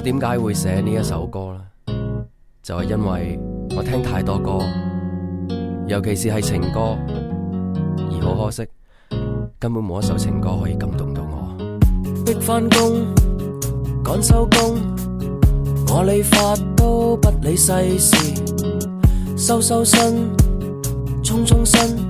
我點解會寫呢一首歌咧？就係因為我聽太多歌，尤其是係情歌，而好可惜，根本冇一首情歌可以感動到我。逼返工，趕收工，我理髮都不理世事，收收身，沖沖身。